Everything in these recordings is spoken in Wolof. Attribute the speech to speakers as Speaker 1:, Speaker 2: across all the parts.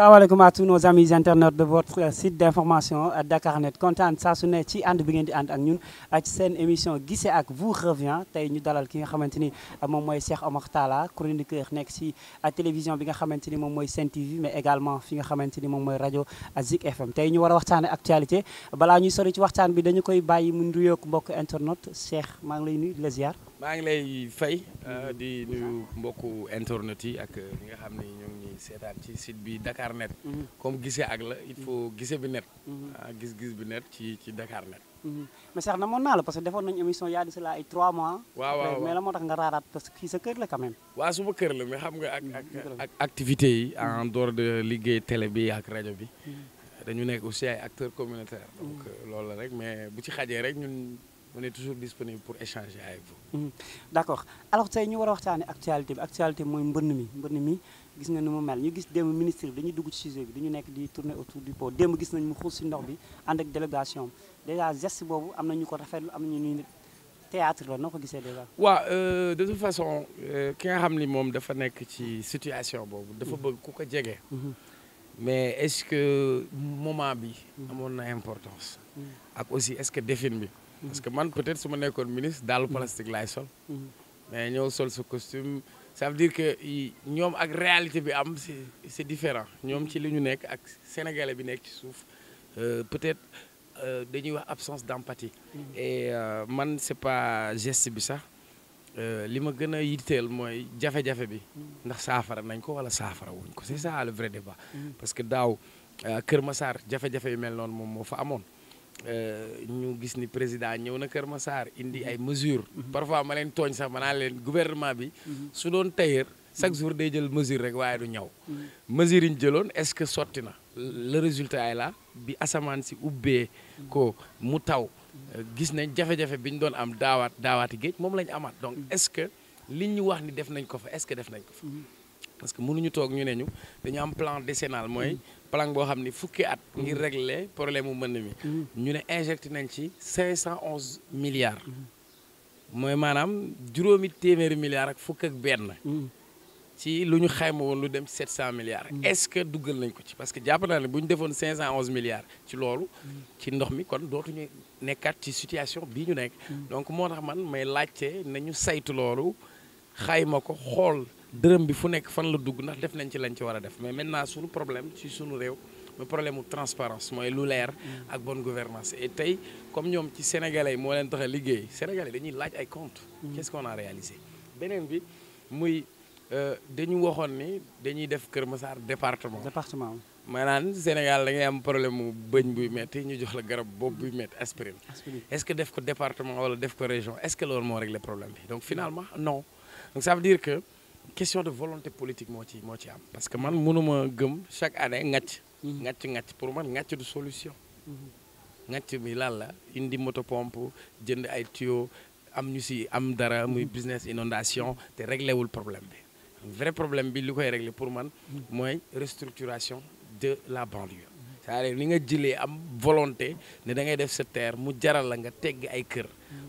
Speaker 1: salaamaaleykum à tous nos amis internautes de votre site d'information euh, Dakarnet kontaan saa su ne ci ànd bi ngeen di ànd ak ñun ci seen émission Guissé ak vous revient tey ñu dalal ki nga xamante ni euh, moom mooy Cheikh Omar Talla chroniqueur nekk ci euh, télévision bi nga xamante ni moom mooy Sen TV mais également fi nga xamante ni moom mooy rajo Zik FM tey ñu war a waxtaane actualité balaa ñuy sori ci waxtaan bi dañu koy bàyyi mu nuyoog mbokk internaute Cheikh maa ngi lay nuyu di la
Speaker 2: maa ngi lay fay di nuyu mbokku internautes yi ak ñi nga xam ni ñoo ngi seetaan ci site bi Dakar Net. Mhm. comme gisee ak la il faut mhm. gisee bi net. Mhm. ah gis-gis bi net ci ci Dakar Net.
Speaker 1: mais na namoon naa la parce que defoon nañu émission yaa di cela ay 3 mois. waaw waaw mais la moo tax nga raaraat parce que sa kër la quand même.
Speaker 2: waaw kër la mais xam nga ak ak activité yi en dehors de liggéey télé bi ak rajo bi. dañu nekk aussi ay acteurs communautaires. donc euh, loolu la rek mais bu ci xajee rek ñun. on est toujours disponible pour échanger avec vous. Mhm. d' accord
Speaker 1: alors tey ñu war a waxtaanee actualité bi actualité bi mooy mbënn mi mbënn mi gis nga ni mu mel ñu gis démb ministre bi dañuy dugg ci sujet bi dañu nekk di tourner autour du pot démb gis nañ mu xuus si ndox bi ànd ak délégation déjà geste boobu am na ñu ko rafetlu am na ñu ni théâtre la noo ko gisee déjà.
Speaker 2: waa euh, de toute façon euh, ki nga xam ni moom dafa nekk ci situation boobu. dafa mhm. bëgg ku ko jege. Mhm. mais est ce que moment bi. amoon na importance. ak aussi est ce que défin bi. parce que man peut-être su ma nekkoon ministre daal plastique laay sol. mais ñëw sol sa costume ça veut que ñoom ak réalité bi am c'est c'est différent ñoom ci lu ñu nekk ak sénégalais bi nekk ci suuf euh, peut-être euh, dañuy wax absence d'empathie. et euh, man c'est pas gest bi sax li ma gën a yitteel mooy jafe-jafe bi. ndax saafara nañ ko wala saafara wuñ ko c'est ça le vrai débat. Mm. parce que daaw Kër Massar jafe-jafe yu mel noonu moom moo fa amoon. Euh, ñu gis ni président ñëw na Kër Massar indi mhm. ay mesures. Mhm. parfois ma leen tooñ sax ma naa leen gouvernement bi. Mhm. su doon tailleur chaque jour day jël mesure rek waaye du ñaw. mesures yi ñu jëloon est-ce que sotti na. le résultat yi la bi asamaan si ubbee ko mu taw. Euh, gis nañ jafe-jafe bi ñu doon am daawaat daawaati géej moom lañu amaat donc est-ce que li ñu wax ni def nañ ko fa est-ce que def nañ ko fa. parce que mënuñu toog ñu nee ñu dañu am plan décennal mooy. plan boo xam ni fukki at. Mm-hmm. ngir régler problème mu mbënd mi. Mm-hmm. ñu ne injecté nañ ci cinq cent onze milliards. Mm-hmm. mooy maanaam juróomi téeméeri milliards ak fukk ak benn. ci lu ñu xayma woon lu dem ci cent milliards. est-ce que duggal nañ ko ci parce que jàpp naa ne bu ñu defoon milliards ci loolu. ci ndox mi kon dootuñu nekkaat ci situation bii ñu nekk. donc moo tax man may laajte nañu saytu loolu xayma ko xool. dërëm bi fu nekk fan la dugg ndax def nañ ci lañ ci war a def mais maintenant suñu problème ci suñu réew mooy problème mu transparence mooy lu leer mm. ak bonne gouvernance et tey comme ñoom ci sénégalais yi moo leen tax a liggéey sénégalais dañuy laaj ay compte mm. qu'est-ce qu'on a réalisé beneen bi muy euh, dañu waxoon ni dañuy def Kër Massar département département maanaam Sénégal da ngay am problème mu bëñ buy metti ñu jox la garab bopp buy metti aspirine est-ce que def ko département wala def ko région est-ce que loolu bi donc finalement question de volonté politique moo ci moo ci am parce que man mënuma gëm chaque année ngàcc mm-hmm. ngàcc ngàcc pour man ngàcc du solution mm-hmm. ngàcc mi lan la indi moto pompe jënd ay tuyau am ñu si am dara muy mm-hmm. business inondation te réglé wul problème bi vrai problème bi li koy réglé pour man mooy restructuration de la banlieue c'est-à-dire nga jëlee am volonté ne da ngay def sa terre mu jaral la nga teg ay kër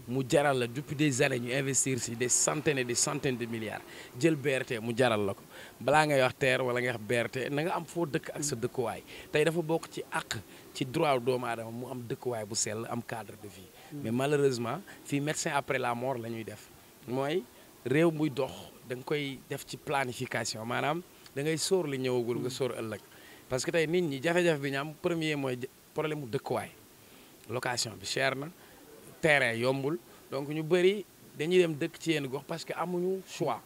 Speaker 2: mu jaral la depuis des années ñu investir si des centaines et des centaines de milliards jël berte mu jaral la ko balaa ngay wax TER wala nga xam BRT nanga am foo dëkk ak sa dëkkuwaay tey dafa bokk ci àq ci droit doomu aadama mu am dëkkuwaay bu sell am cadre de vie. Mm. mais malheureusement fii médecin après la mort la ñuy def mooy réew muy dox da nga koy def ci planification maanaam da ngay sóor li ñëwagul nga mm. sóor ëllëg parce que tey nit ñi jafe-jafe bi ñu am premier mooy problème mu dëkkuwaay location bi cher na. terrain yombul donc ñu bëri dañuy dem dëkk ci yenn gox parce que amuñu choix.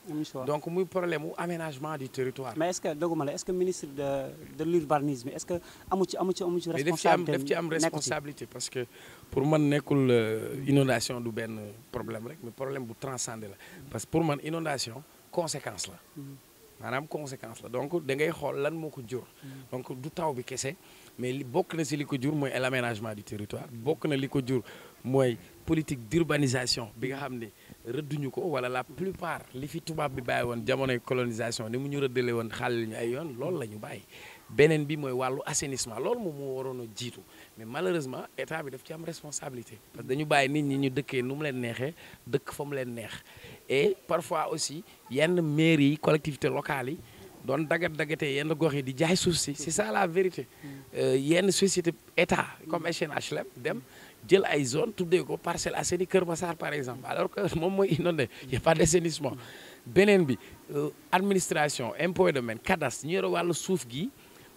Speaker 2: donc muy problème mu aménagement du territoire. mais est ce que doguma la est ce que ministre
Speaker 1: ci amu ci amu ci responsabilité daf ci am responsabilité
Speaker 2: parce que pour man nekkul euh, inondation du benn problème rek mais problème bu transcendé la parce que pour man inondation conséquence la. Mm-hmm. maanaam conséquence la donc da ngay xool lan moo ko jur. Mm-hmm. donc du taw bi kese mais li bokk na si li ko jur mooy l'aménagement du territoire bokk na li ko jur. mooy politique d'urbanisation bi nga xam ne rëdduñu ko wala la plupart li fi tubaab bi bàyyi woon jamonoy colonisation ni mu ñu rëddale woon xàll ñu ay yoon loolu la ñu bàyyi beneen bi mooy wàllu assainissement lool moom moo waroon a jiitu mais malheureusement état bi daf ci am responsabilité dañu bàyyi nit ñi ñu dëkkee nu mu leen neexee dëkk fa leen neex et parfois aussi yenn mairie yi collectivités locales yi doon dagat dagatee yenn gox yi di jaay suuf si c'est ça la vérité euh, yenn société état comme SNHLM dem jël ay zone tuddee ko Parcelles Assainies Kër Massar par exemple alors que moom mooy inondé y a pas d'assainissement beneen bi euh, administration impôt domaine cadastre ñu yore wàllu suuf gi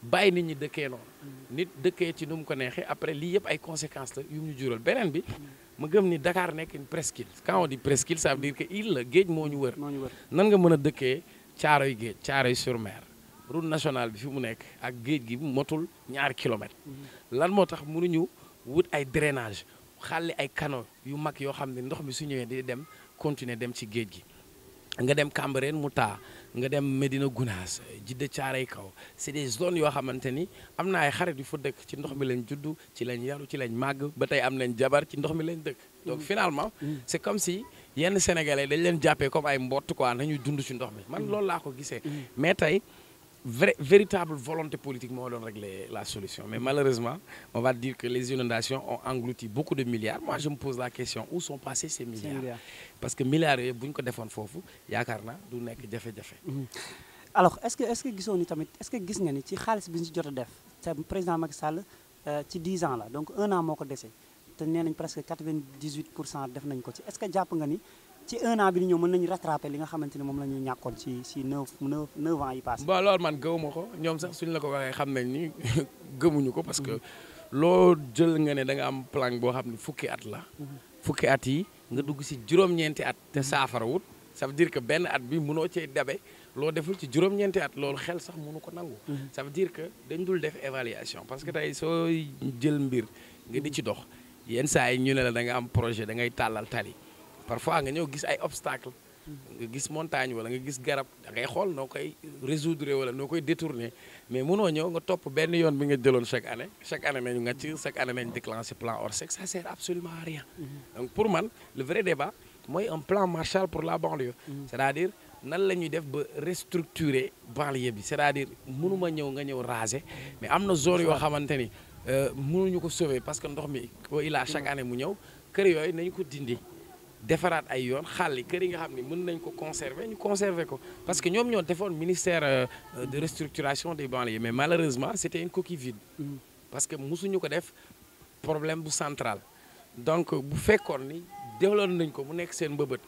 Speaker 2: bàyyi nit ñi dëkkee noonu nit dëkkee ci nu mu ko neexee après lii yëpp ay conséquences la yu mu ñu jural beneen bi ma gëm ni dakaar nekk une ka quand on dit presqu'île ça dire que île la géej moo ñu wër nan nga mën a dëkkee Caaroy géej Caaroy sur mer route nationale bi fi mu nekk ak géej gi motul ñaari kilomètres mm-hmm. lan wut ay drainage xàlli ay canaux yu mag yoo xam ne ndox mi su ñëwee di dem continuer dem ci géej gi nga dem Cambérène mu taa nga dem Médina Gounass Jidda Caaray kaw c'est des zones yoo xamante ni am na ay xarit yu fa dëkk ci ndox mi lañ juddu ci lañ yaru ci lañ màgg ba tey am lañ jabar ci ndox mi lañ dëkk donc mm. finalement mm. c'est comme si yenn sénégalais dañ leen jàppee comme ay mbott quoi nañu dund ci ndox mi man mm. loolu laa ko gisee mais tey vrai véritable volonté politique moo doon régler la solution mais malheureusement on va dire que les inondations ont englouti beaucoup de milliards moi je me pose la question où sont passés ces milliards parce que milliards bu ñu ko defoon foofu yaakaar naa du nekk jafe-jafe
Speaker 1: mhm. alors est-ce est ni tamit est-ce que gis nga ni ci xaalis bi ñu si jot a def président Macky Sall euh, ci 10 ans la donc un an moo ko dese te nee nañ presque 98 pour cent def nañ ko ci est-ce que jàpp nga ci un an bi ñu ñëw mën nañu rattraper li nga xamante ne moom la ñu ñàkkoon ci ci neuf neuf neuf yi passé
Speaker 2: waaw loolu man gëwuma ko ñoom sax suñ la ko waxee xam nañ ni gëmuñu ko parce que loo jël nga ne danga am plan boo xam ne fukki at la mm-hmm. fukki at yi nga dugg si juróom-ñeenti at te saafara wut ça veut dire que benn at bi mënoo cee dabe loo deful ci juróom-ñeenti at loolu xel sax mënu ko nangu mm-hmm. ça veut dire que dañ dul def évaluation parce que tey soo jël mbir nga di ci dox yenn saa yi ñu ne la da nga am projet da ngay tàllal tali parfois nga ñëw gis ay obstacle nga gis montagne wala nga gis garab da xool noo koy résoudre wala noo koy détourner mais mënoo ñëw nga topp benn yoon bi nga jëloon chaque année chaque année nañu nga ci chaque année nañu déclenché plan Orsec ça sert absolument à rien mm-hmm. donc pour man le vrai ba mooy un plan Marshall pour la banlieue mm-hmm. c'est-à-dire nan la ñuy def ba restructurer banlieue bi c'est-à-dire mënuma ñëw nga ñëw raser mais am na zone yoo xamante ni euh, mënuñu ko sauver parce que ndox mi il a année mu ñëw kër yooyu nañu ko dindi defaraat ay yoon xàll kër yi nga xam ne mën nañ ko conserver ñu conserver ko parce que ñoom ñoo defoon ministère euh, euh, de restructuration des banlieues mais malheureusement c' était une coquille vide mm. parce que mosuñu ko def problème bu central donc bu fekkoon ni développé nañ ko mu nekk seen mbëbët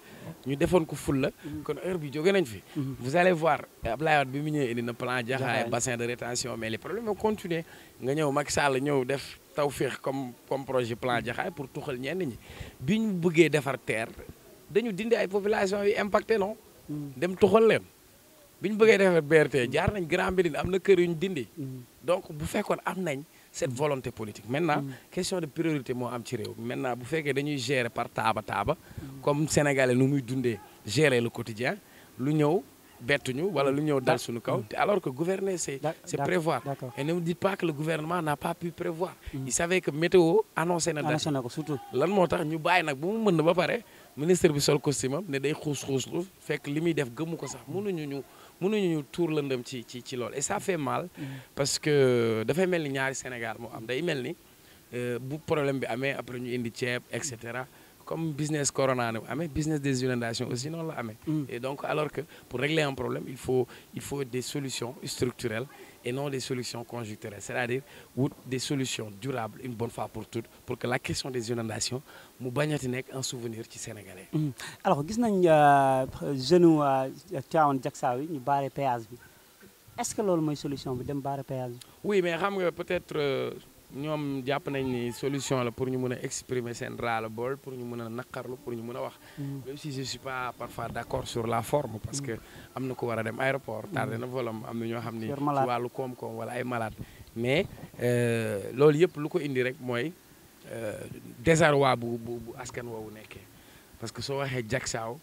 Speaker 2: ñu defoon ko fulla mm. kon heure bi jóge nañ fi mm. vous allez voir Abdoulaye Wade bi mu ñëwee indi na plan Jaxaay bassin de rétention mais les problèmes ont continué nga ñëw ñëw def tawféex comme comme projet plan Jaxaay pour tuxal ñenn ñi bi ñu bëggee defar TER dañu dindee ay population yu impacté dem tuxal leen bi ñu bëggee defar BRT jaar nañ Grand Médine am na kër yu ñu dindi donc bu fekkoon am nañ cette volonté politique maintenant question de priorité moo am ci réew maintenant bu fekkee dañuy gérer par taaba taaba comme sénégalais nu muy dundee gérer le quotidien lu ñëw bettuñu wala lu ñëw dal suñu kaw mm. te alors que gouverner c'est prévoir et ne me dites pas gouvernement n'a pas pu prévoir mm. il savait que météo annoncé na annoncé na surtout lan moo tax ñu bàyyi nag bu mu mën ba pare ministre bi sol costume am ne day xuus xuuslu fekk li muy def gëmmu ko sax mënuñu ñu mënuñu ñu tuur lëndëm ci ci et ça fait mal mm. parce que dafay mel ni ñaari Sénégal moo day mel ni euh, bu problème bi amee après ñu indi ceeb et comme business corona ne amee des inondations aussi noonu la amee. Mm. et donc alors que pour régler un problème il faut il faut des solutions structurelles et non des solutions conjoncturelles c'est-à-dire wut des solutions durables une bonne fois pour toutes pour que la question des inondations mu bañati nekk un souvenir ci sénégalais. Mm.
Speaker 1: alors gis nañ euh, jeune euh, Tivaouane Diacksao yi ñu baare péage bi est-ce que loolu mooy solution bi dem baare péage bi.
Speaker 2: oui mais xam nga ñoom jàpp nañ ni solution la pour ñu mun a exprimer seen ras le pour ñu mën a naqarlu pour ñu mën a wax. Mm. même si je suis pas parfois d'accord sur la forme. parce mm. que am na ko war a dem aéroport. tardé na volam am na ñoo xam ni. ci wàllu koom-koom wala ay malade. mais euh, loolu yëpp lu ko indi rek mooy euh, désarroi bu bu bu askan wu nekkee parce que soo waxee jagsaaw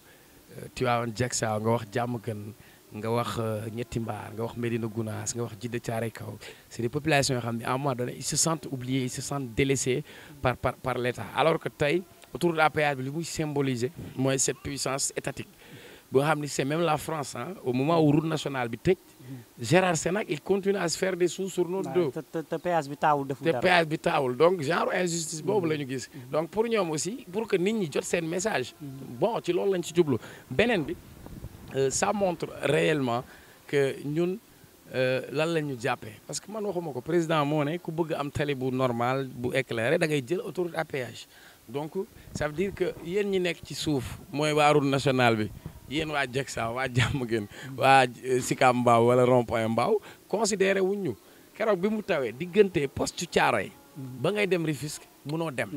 Speaker 2: euh, Tivaouane jagsaaw nga wax jàmm gën. nga wax euh, ñetti mbaar nga wax Médina Gounass nga wax Djiddah Thiaroye Kaw c'est des populations yoo xam ne à un moment donné ils se sentent oubliés ils se sentent délaissés par par par l'État alors que tey autoroute à péage bi li muy symboliser mooy cette puissance étatique boo xam ne c'est même la France ah au moment où route nationale bi tëj Gérard Sénac il continue à su faire des sous sur nos de te péage bi taawul deful dara te donc genre injustice boobu mm-hmm. la ñu gis mm-hmm. donc pour ñoom aussi pour que nit ñi jot seen message mm-hmm. bon ci loolu lañ ci jublu beneen bi sa euh, montre réellement que ñun euh, lan la ñu jàppee parce que man waxuma ko président moo ne ku bëgg am tali bu normal bu éclairé da ngay jël autoroute à donc ça veut dire que yéen ñi nekk ci suuf mooy waa route nationale bi yéen waa Jeksa waa Diamaguène waa euh, Sicap Mbao wala rond-point Mbao considéré wuñ ñu keroog bi mu tawee diggante caaro yi ba ngay dem Rufisque munoo dem.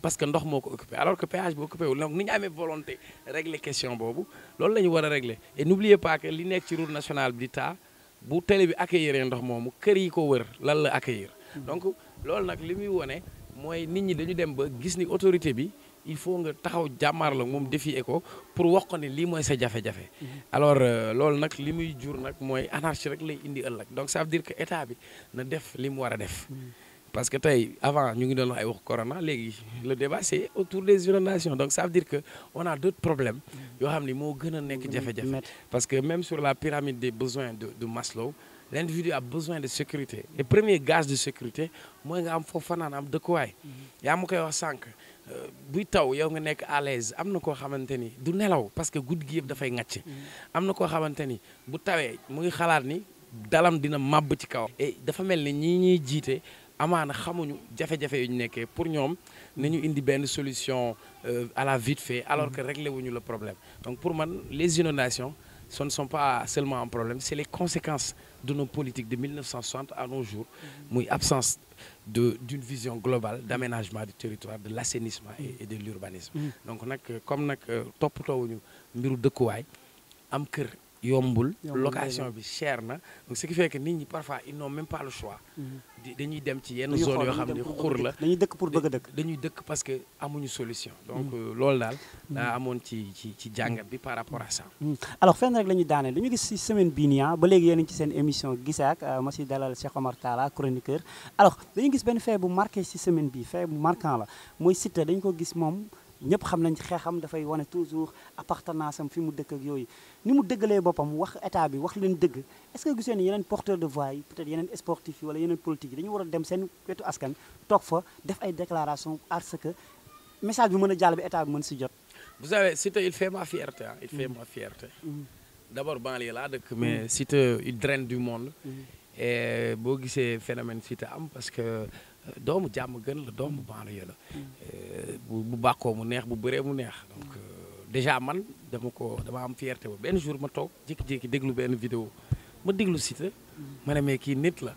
Speaker 2: parce que ndox moo ko occupé alors que péage bi occupé wul donc ni ñu amee volonté régler question boobu loolu la ñu war a régler et n'oubliez pas que li nekk ci route nationale bi di taa bu télé bi accueillir ndox moomu kër yi ko wër lan la accueillir. Hmm. donc loolu nag li muy wone mooy nit ñi dañu dem ba gis ni autorité bi il faut nga taxaw jàmmaarloo moom défier ko pour wax ko ne lii mooy sa jafe-jafe. Hmm. alors euh, loolu nag li muy jur nag mooy anarchie rek lay indi ëllëg donc ça veut que état bi na def li mu war a def. Hmm. parce que tey avant ñu ngi doon wax ay wax corona léegi le débat c'est autour des inondations donc ça veut dire que on a d'autres problèmes yoo xam ni moo gën a nekk jafe-jafe parce que même sur la pyramide des besoins de de Maslow l'individu a besoin de sécurité et premier gage de sécurité mooy nga am foofu fanaan am dëkkuwaay mhm. yaa ma koy wax sànq euh, buy taw yow nga nekk à l'aise am na koo xamante ni du nelaw parce que guddi gi yëpp dafay ŋàcc mhm. am na koo xamante ni bu tawee mu ngi xalaat ni dalam dina màbb ci kaw dafa mel ni ñii ñuy jiite amaana xamuñu jafe-jafe yu ñu nekkee pour ñoom nañu indi benn solution euh, à la vite fait alors que réglé wuñu le problème donc pour man les inondations ce ne sont pas seulement un problème c'est les conséquences de nos politiques de 1960 à nos jours muy absence de d'une vision globale d'aménagement du territoire de l'assainissement et, et de l'urbanisme mm. donc nag comme nag euh, ñu mbiru dëkkuwaay am kër yombul location bi cher na ce qui fait que nit ñi parfois ils n'ont même pas le choix mhm. dañuy dem ci yenn zone yoo xam ne xur la dañuy dëkk pour bëgg a dëkk dañuy dëkk parce que amuñu solution mhm. donc euh, loolu daal mhm. daa amoon ci ci ci jàngat bi par rapport à ça
Speaker 1: alors fenn rek la ñuy daanee dañu gis si semaine bii nii ah, ba léegi yéen a ngi ci seen émission gisaak euh, ma si dalal Cheikh Omar Talla chroniqueur alors dañu gis benn fee bu marqué si semaine bi fait bu marquant la mooy Siteu dañ ko gis moom ñëpp xam nañ xeexam dafay wane toujours appartenance am fi mu dëkk ak yooyu ni mu dëggalee boppam wax état bi wax leen dëgg est-ce que gisee ni yeneen porteur de voix yi peut-être yeneen sportif yi wala yeneen politique yi dañu war a dem seen wetu askan toog fa def ay déclaration parce que message bi mën a jàll bi état bi mën si jot.
Speaker 2: vous savez Siteu il fait ma fierté ah. il fait mm. ma fierté. Mm. d'abord banlieue laa dëkk mais mm. Siteu il draine du monde. et boo gisee phénomène Siteu am parce que. doomu jàmm gën la doomu banlieue la hmm. eh, bu bu bàkkoo mu neex bu bëree mu neex donc euh, déjà man dama ko dama am fierté ba benn jour ma toog jékki-jékki déglu benn vidéo ma déglu Siteu hmm. ma ne mais kii nit la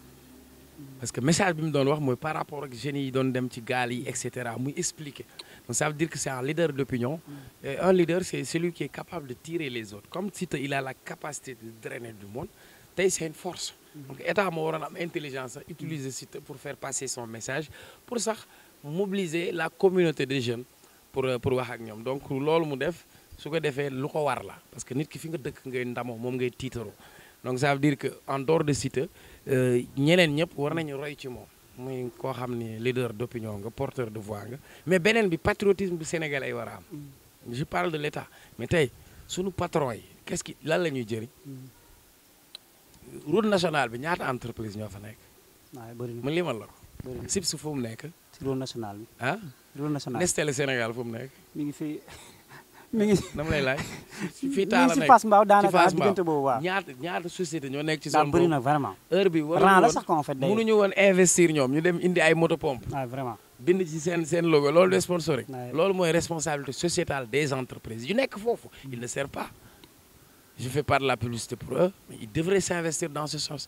Speaker 2: parce que message bi mu doon wax mooy par rapport ak jeunes yi doon dem ci gaal yi et cetera muy expliquer donc ça veut dire que c'est un leader d'opinion hmm. et un leader c'est celui qui est capable de tirer les autres comme Siteu il a la capacité de drainer du monde tey seen force donc état moo waroon am intelligence a utiliser site pour faire passer son message pour sax mobiliser la communauté des jeunes pour euh, pour wax ak ñoom donc loolu mu def su ko defee lu ko war la parce que nit ki fi nga dëkk ngay ndamoo moom ngay tiitaroo donc ça veut dire que en dehors de site euh, ñeneen ñëpp war nañu roy ci moom muy koo xam ne leader d'opinion nga porteur de voix nga mais beneen bi patriotisme bu Sénégal ay war a am mm. je parle de l'état mais tey sunu patron yi ce qui lan la ñuy jëriñ mm. route nationale bi ñaata entreprise ñoo fa nekk. waaw bëri mu limal la SIPS fu mu nekk. si route nationale bi. ah route nationale Nestlé Sénégal fu mu nekk. mi ngi nekk ci Fass Mbao ñoo nekk heure bi waroon ran la investir ñoom ñu dem indi ay moto pompe. waaw vraiment. bind ci seen seen logo loolu de sponsoring. loolu mooy responsabilité sociétale des entreprises yu nekk foofu il ne sert pas. je par la publicité pour eux mais ils devraient s'investir dans ce sens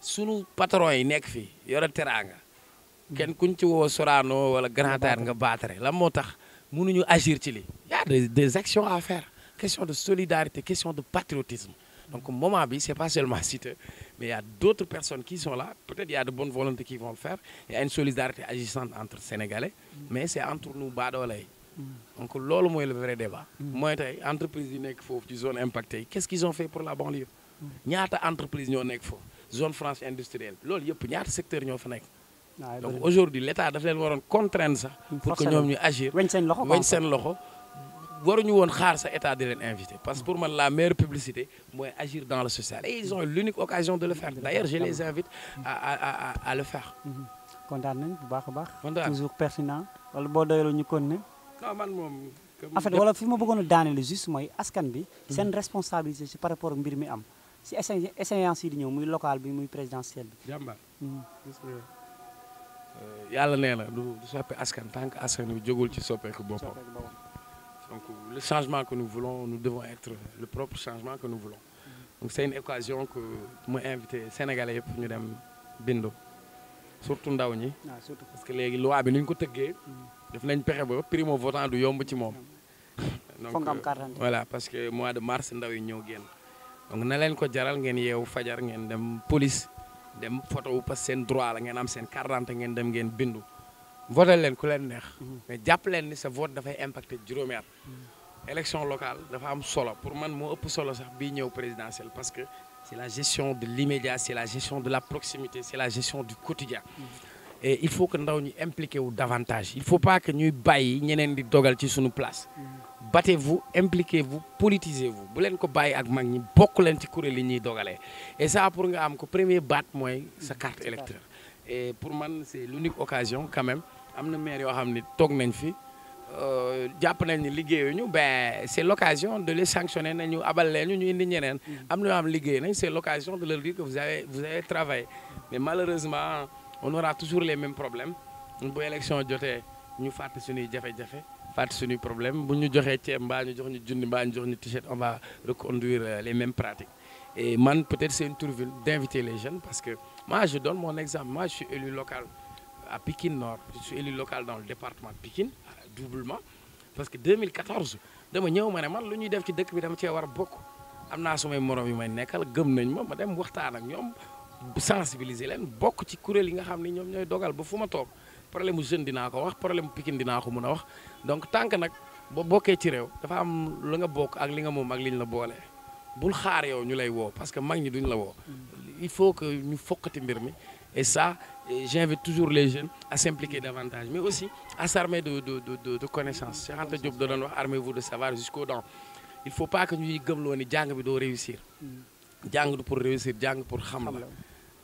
Speaker 2: sunu patron yi nekk fii yore teraanga kenn kuñ ci woo Sorano wala Grand Théâtre nga baatare lan moo tax mun mënuñu agir ci li y a des, des actions à question de solidarité question de patriotisme donc moment bi c'est pas seulement Siteu mais il y d'autres personnes qui sont la peut-être il y a de bonnes volontés qui vont le faire il une solidarité agissante entre Sénégalais mm. mais c'est entre nous baadoole yi donc loolu mooy le vrai débat. Mm. mooy tey entreprise yi nekk foofu ci zone impactée yi qu'est-ce qu'ils pour la banlieue. Mm. ñaata entreprise ñoo nekk foofu zone franche industrielle loolu yëpp ñaata secteur ñoo fa nekk. Ah, donc aujourd'hui l'état daf leen waroon contraindre sax. Mm, pour que ñoom ñu agir weñ seen loxo weñ seen woon xaar sa état de leen invité parce que pour man la meilleure publicité mooy agir dans le social et ils ont l'unique occasion de le faire d'ailleurs mm-hmm. a
Speaker 1: baax.
Speaker 2: non man moom. en fait wala fi
Speaker 1: ma bëggoon a daaneel juste mooy askan bi. seen responsabilité si par rapport ak mbir mi am si échéance sii di ñëw muy local bi muy présidentiel bi. jàmbaar.
Speaker 2: Hmm. Euh, yàlla nee la du soppee askan tant que askan bi jógul ci soppeeku boppam. donc le changement que nous voulons nous devons être le propre changement que nous voulons. Hmm. donc c'est une occasion que mu invité sénégalais yëpp ñu dem bindu. surtout ndaw ñi. Ah, surtout parce que léegi loi bi ni ko tëggee. Mm. def nañ pexe ba primo votant du yomb ci moom. foog nga am carte euh, voilà parce que mois de mars ndaw yi ñëw génn. donc na leen ko jaral ngeen yeewu fajar ngeen dem police dem photo wu que seen droit la ngeen am seen carte d'identité ngeen dem ngeen bindu. voté leen ku leen neex. Mm-hmm. mais jàpp leen ni sa vote dafay impacté juróomi at. Mm. élection locale dafa am solo pour man moo ëpp solo sax bii ñëw présidentielle parce que. c'est la gestion de l'immédiat c'est la gestion de la proximité c'est la gestion du quotidien et il faut que ndaw ñu impliqué wu davantage il faut pas que ñuy bàyyi ñeneen di dogal ci suñu place battez-vous impliquez-vous politisez-vous bu leen ko bàyyi ak mag ñi bokk leen ci kuréel yi ñuy dogalee et ça pour nga am ko premier baat mooy sa carte électeur e pour man c'est l'unique occasion quand même am na maire yoo xam ne toog nañ fii Euh, jàpp nañ ni liggéeyuñu ben c' est l' de les sanctionner nañu abal leen ñu indi ñeneen. Mm-hmm. am na yoo xam liggéey nañ c' est de leur dire que vous avez vous avez travaillé malheureusement on aura toujours les mêmes problèmes bu élection jotee ñu fàtte suñuy jafe-jafe fàtte suñuy problème bu ñu joxee ceeb mbaa ñu jox ñu junni mbaa jox ñu t-shirt on va reconduire euh, les mêmes pratiques et man peut-être c' est une d' inviter les jeunes parce que moi je donne mon exemple moi je suis élu local à local dans département de doublement parce que 2014 dama ñëw ma ne man lu ñuy def ci dëkk bi dama cee war a bokk am naa may moroom yu may nekkal gëm nañ ma ma dem waxtaan ak ñoom sensibiliser leen bokk ci kuréel yi nga xam ni ñoom ñooy dogal ba fu ma toog problème jeune dinaa ko wax problème mu Pikine dinaa ko mën a wax donc tànk nag boo bokkee ci réew dafa am lu nga bokk ak li nga moom ak liñ la boole bul xaar yow ñu lay woo parce que mag ñi duñ la woo il faut que ñu fokkati mbir mi et ça j'invite toujours les jeunes à s'impliquer davantage mais aussi à s'armer de de de de connaissance Cheikh Anta da doon wax armez-vous de savoir jusqu'aux dents il faut pas que ñuy loo ni jàng bi doo réussir. Mm. jàng pour réussir jàng pour xam la.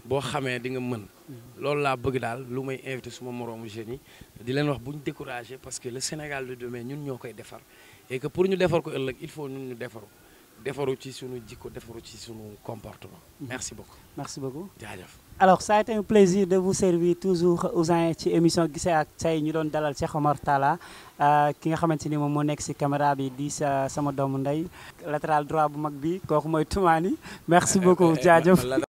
Speaker 2: boo xamee di nga mën. Mm. loolu laa bëgg daal lu may invité suma moroomu jeunes yi di leen wax bu ñu découragé parce que le Sénégal de demain ñun ñoo koy defar et pour ñu defar ko ëllëg il faut ñun ñu defaru defaru ci suñu jikko defaru ci suñu comportement. Mm. merci beaucoup merci beaucoup jaajëf.
Speaker 1: alors ça a plaisir de vous servir toujours Ousin ci émission gisee ak say ñu doon dalal Cheikh Omar Talla euh, ki nga xamante ni moom moo nekk si caméra bi di sa sama doomu ndey latéral droit bu mag bi kooku mooy Toumani merci beaucoup jaajëf